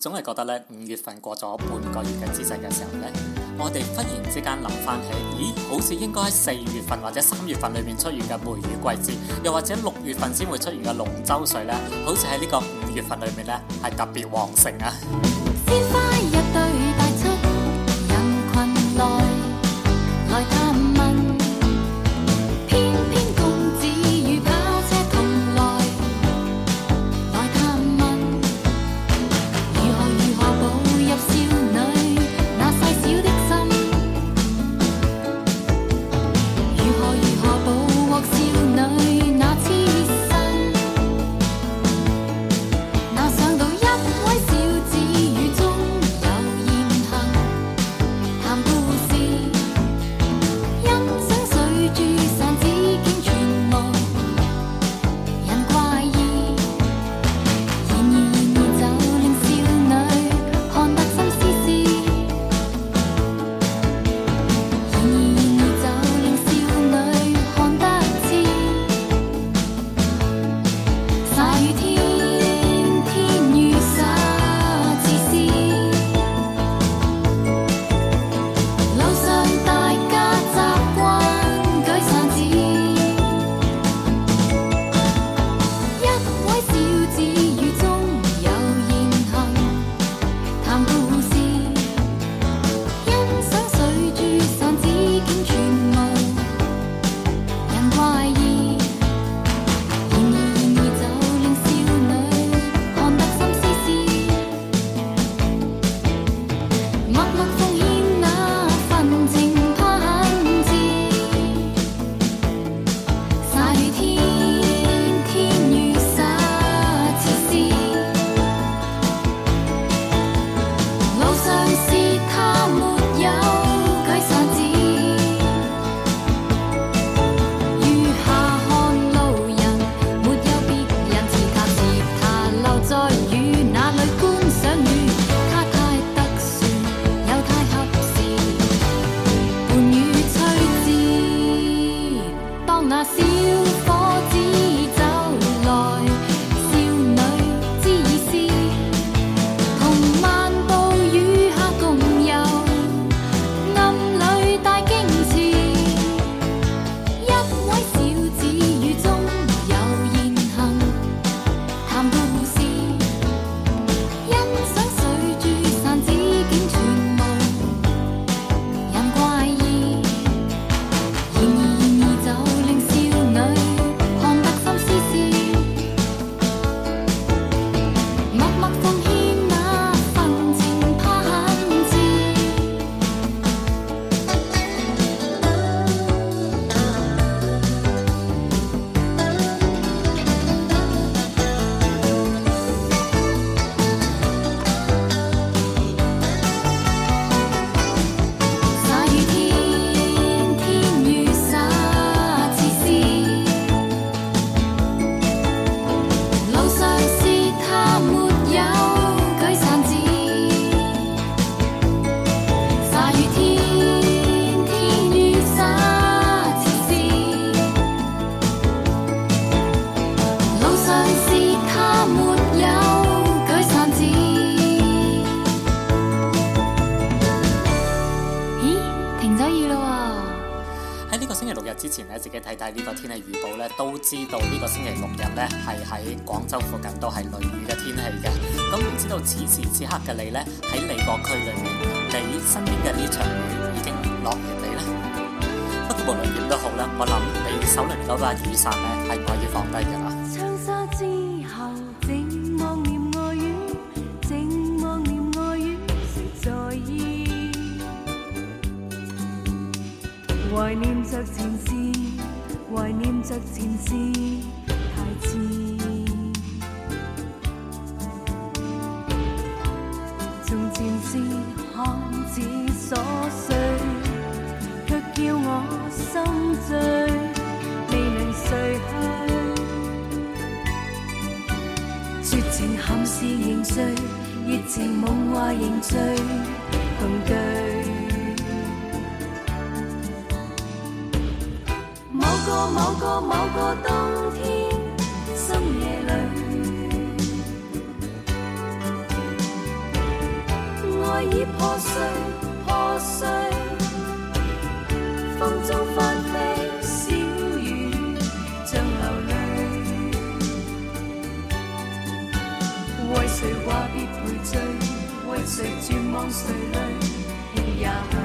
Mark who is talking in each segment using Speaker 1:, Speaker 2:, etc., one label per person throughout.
Speaker 1: 總係覺得咧，五月份過咗半個月嘅之際嘅時候呢，我哋忽然之間諗翻起，咦，好似應該喺四月份或者三月份裏面出現嘅梅雨季節，又或者六月份先會出現嘅龍舟水呢，好似喺呢個五月份裏面呢，係特別旺盛啊！ 喺廣州附近都係雷雨嘅天氣嘅，咁唔知道此時此刻嘅你咧，喺荔博區裏面，你身邊嘅呢場雨已經落完未咧？不過無論點都好啦，我諗你手頭嗰把雨傘咧係唔可以放低
Speaker 2: 嘅啊。醉，熱情夢話仍醉，共對。某個某個某個冬天，深夜裏愛已破碎，破碎。誰絕望，誰累。也。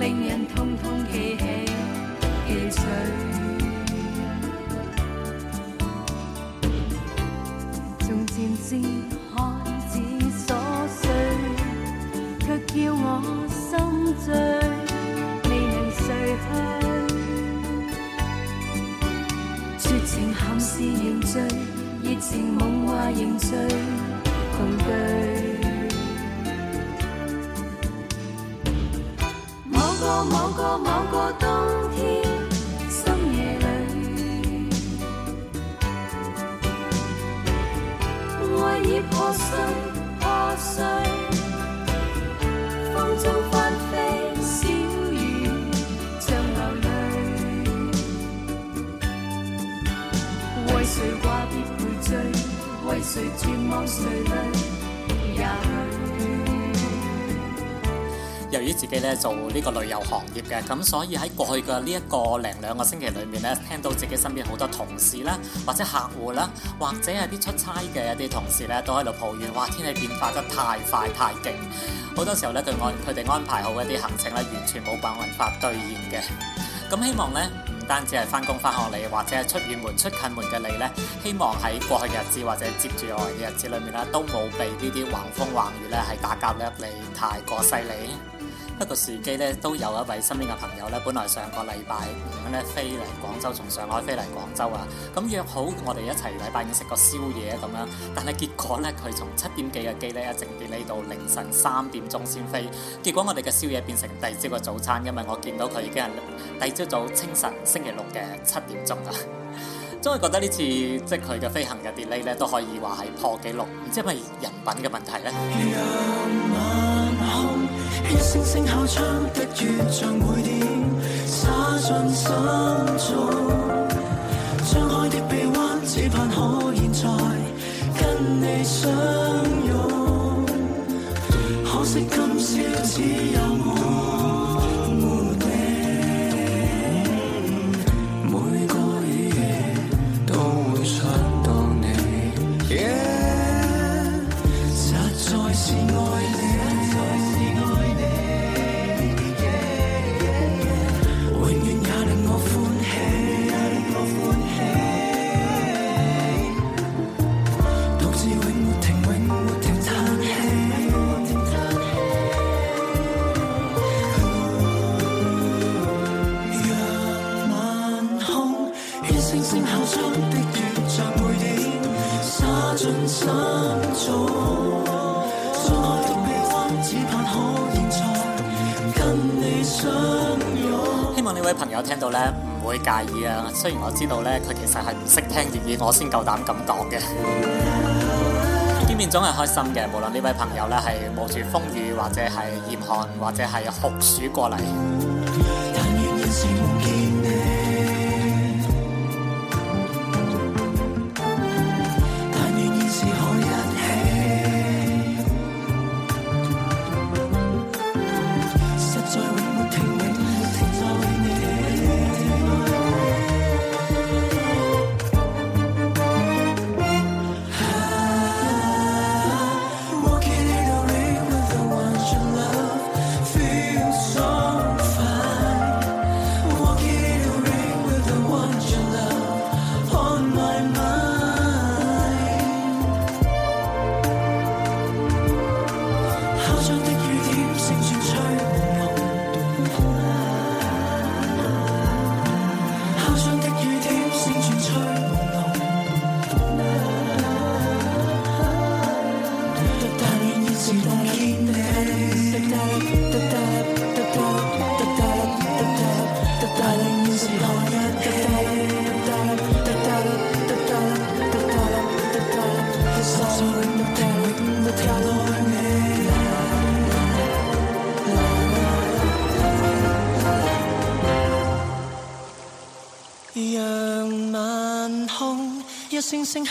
Speaker 2: 令人通通記起記取，從前只看只瑣碎，卻叫我心醉，未能睡去。絕情憾事仍醉，熱情夢話仍醉，共對。某個某個冬天深夜裏，愛 已破碎破碎，風中翻飛小雨像流淚。 為誰掛念陪
Speaker 1: 罪？為誰絕望垂淚？
Speaker 2: 也。
Speaker 1: 由於自己咧做呢個旅遊行業嘅，咁所以喺過去嘅呢一個零兩個星期裏面咧，聽到自己身邊好多同事啦，或者客戶啦，或者係啲出差嘅一啲同事咧，都喺度抱怨，哇，天氣變化得太快太勁，好多時候咧，對我佢哋安排好一啲行程咧，完全冇辦法兌現嘅。咁希望咧。單止係翻工翻學你，或者係出遠門出近門嘅你呢，希望喺過去嘅日子或者接住來嘅日子裏面咧，都冇被呢啲橫風橫雨呢，係打攪咗你，太過犀利。不個時機咧，都有一位身邊嘅朋友咧，本來上個禮拜五樣咧飛嚟廣州，從上海飛嚟廣州啊，咁、嗯、約好我哋一齊禮拜五食個宵夜咁樣，但係結果咧，佢從七點幾嘅機咧一直 delay 到凌晨三點鐘先飛，結果我哋嘅宵夜變成第二朝嘅早餐，因為我見到佢已經係第二朝早清晨星期六嘅七點鐘啦，真 係覺得呢次即係佢嘅飛行嘅 delay 咧都可以話係破紀錄，唔知係咪人品嘅問題咧？Yeah.
Speaker 3: 一聲聲敲窗，星星的雨像每點灑進心中。張開的臂彎，只盼可以再跟你相擁。可惜今宵只有。
Speaker 1: 聽到咧唔會介意啊！雖然我知道咧，佢其實係唔識聽粵語，我先夠膽咁講嘅。見 面總係開心嘅，無論呢位朋友咧係冒住風雨，或者係嚴寒，或者係酷暑過嚟。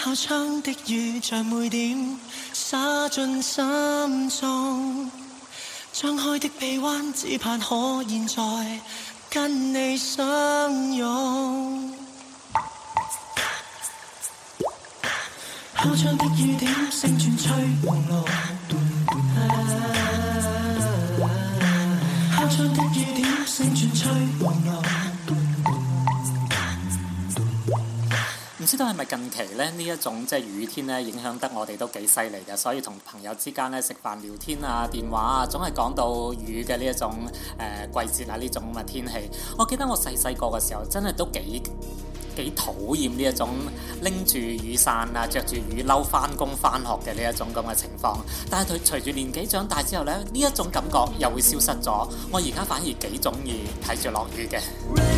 Speaker 3: 敲窗的雨在每點灑進心中，張開的臂彎只盼可現在跟你相擁。敲窗的雨點聲傳吹朦朧。敲
Speaker 1: 窗的雨點聲。唔知道係咪近期咧，呢一種即係雨天咧影響得我哋都幾犀利嘅，所以同朋友之間咧食飯聊天啊、電話啊，總係講到雨嘅呢一種誒、呃、季節啊、呢種咁嘅天氣。我記得我細細個嘅時候真係都幾幾討厭呢一種拎住雨傘啊、着住雨褸翻工翻學嘅呢一種咁嘅情況，但係佢隨住年紀長大之後咧，呢一種感覺又會消失咗。我而家反而幾中意睇住落雨嘅。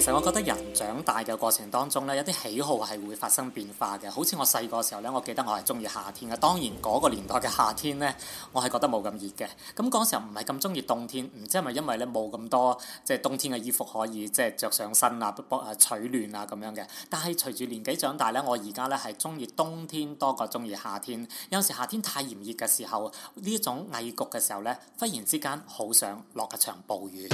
Speaker 1: 其實我覺得人長大嘅過程當中咧，有啲喜好係會發生變化嘅。好似我細個時候咧，我記得我係中意夏天嘅。當然嗰個年代嘅夏天咧，我係覺得冇咁熱嘅。咁嗰時候唔係咁中意冬天，唔知係咪因為咧冇咁多即係冬天嘅衣服可以即係着上身啊，不不取暖啊咁樣嘅。但係隨住年紀長大咧，我而家咧係中意冬天多過中意夏天。有時夏天太炎熱嘅時候，呢一種翳焗嘅時候咧，忽然之間好想落一場暴雨。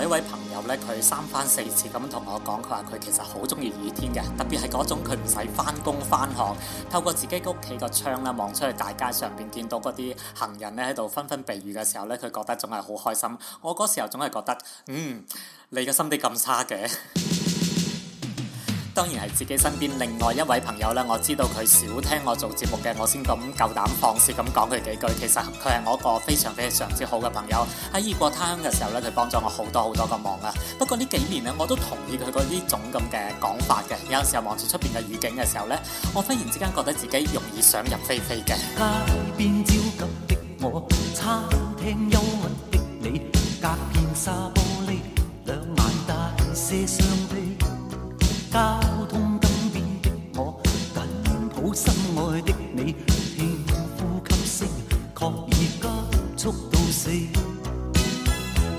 Speaker 1: 有一位朋友咧，佢三番四次咁同我講，佢話佢其實好鍾意雨天嘅，特別係嗰種佢唔使返工返學，透過自己屋企個窗啦望出去大街，街上邊見到嗰啲行人咧喺度紛紛避雨嘅時候咧，佢覺得仲係好開心。我嗰時候總係覺得，嗯，你嘅心地咁差嘅。 當然係自己身邊另外一位朋友咧，我知道佢少聽我做節目嘅，我先咁夠膽放肆咁講佢幾句。其實佢係我一個非常非常之好嘅朋友，喺異國他鄉嘅時候咧，佢幫咗我好多好多嘅忙啊。不過呢幾年呢，我都同意佢嗰呢種咁嘅講法嘅。有時候望住出邊嘅雨景嘅時候呢，我忽然之間覺得自己容易想入非非嘅。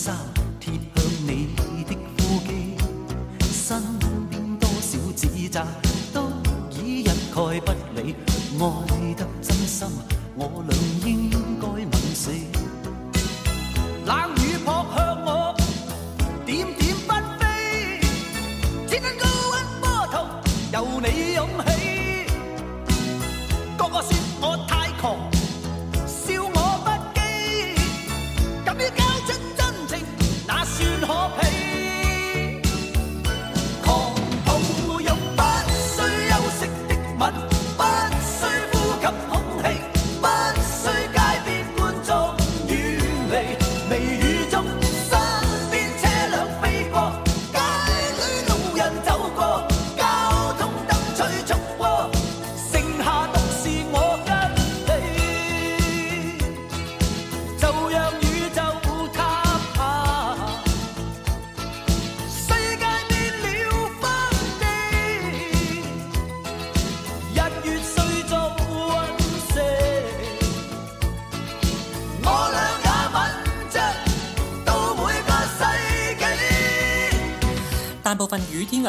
Speaker 4: 衫貼向你的呼吸，身邊多少指責都已一概不理，愛得。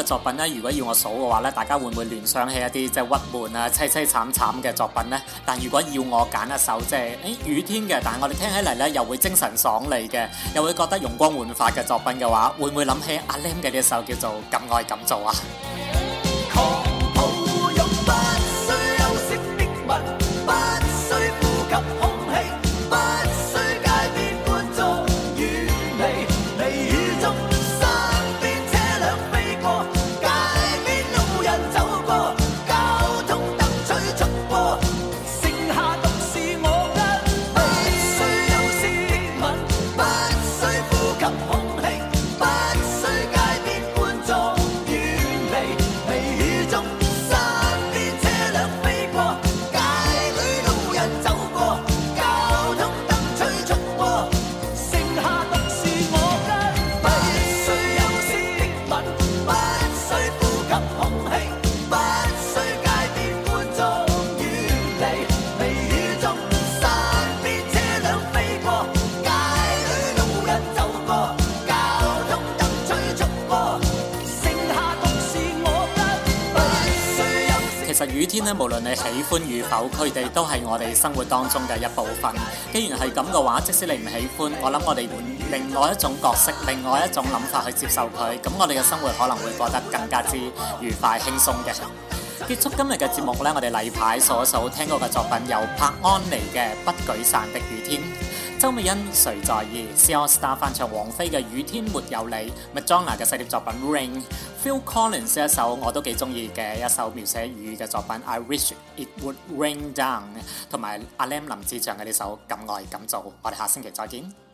Speaker 1: 作品咧，如果要我數嘅話咧，大家會唔會聯想起一啲即係鬱悶啊、淒淒慘慘嘅作品呢？但如果要我揀一首即係誒雨天嘅，但係我哋聽起嚟咧又會精神爽利嘅，又會覺得容光煥發嘅作品嘅話，會唔會諗起阿 Lam 嘅呢首叫做《敢愛敢做》啊？雨天咧，無論你喜歡與否，佢哋都係我哋生活當中嘅一部分。既然係咁嘅話，即使你唔喜歡，我諗我哋換另外一種角色，另外一種諗法去接受佢，咁我哋嘅生活可能會過得更加之愉快輕鬆嘅。結束今日嘅節目咧，我哋例牌數一數聽過嘅作品有柏安妮嘅《不舉傘的雨天》。周美茵，誰在意，C AllStar 翻唱王菲嘅《雨天沒有你》，Madonna 嘅細碟作品《Rain》，Phil Collins 一首我都幾中意嘅一首描寫雨嘅作品《I Wish It Would Rain Down》，同埋阿 Lam 林子祥嘅呢首《敢愛敢做》，我哋下星期再見。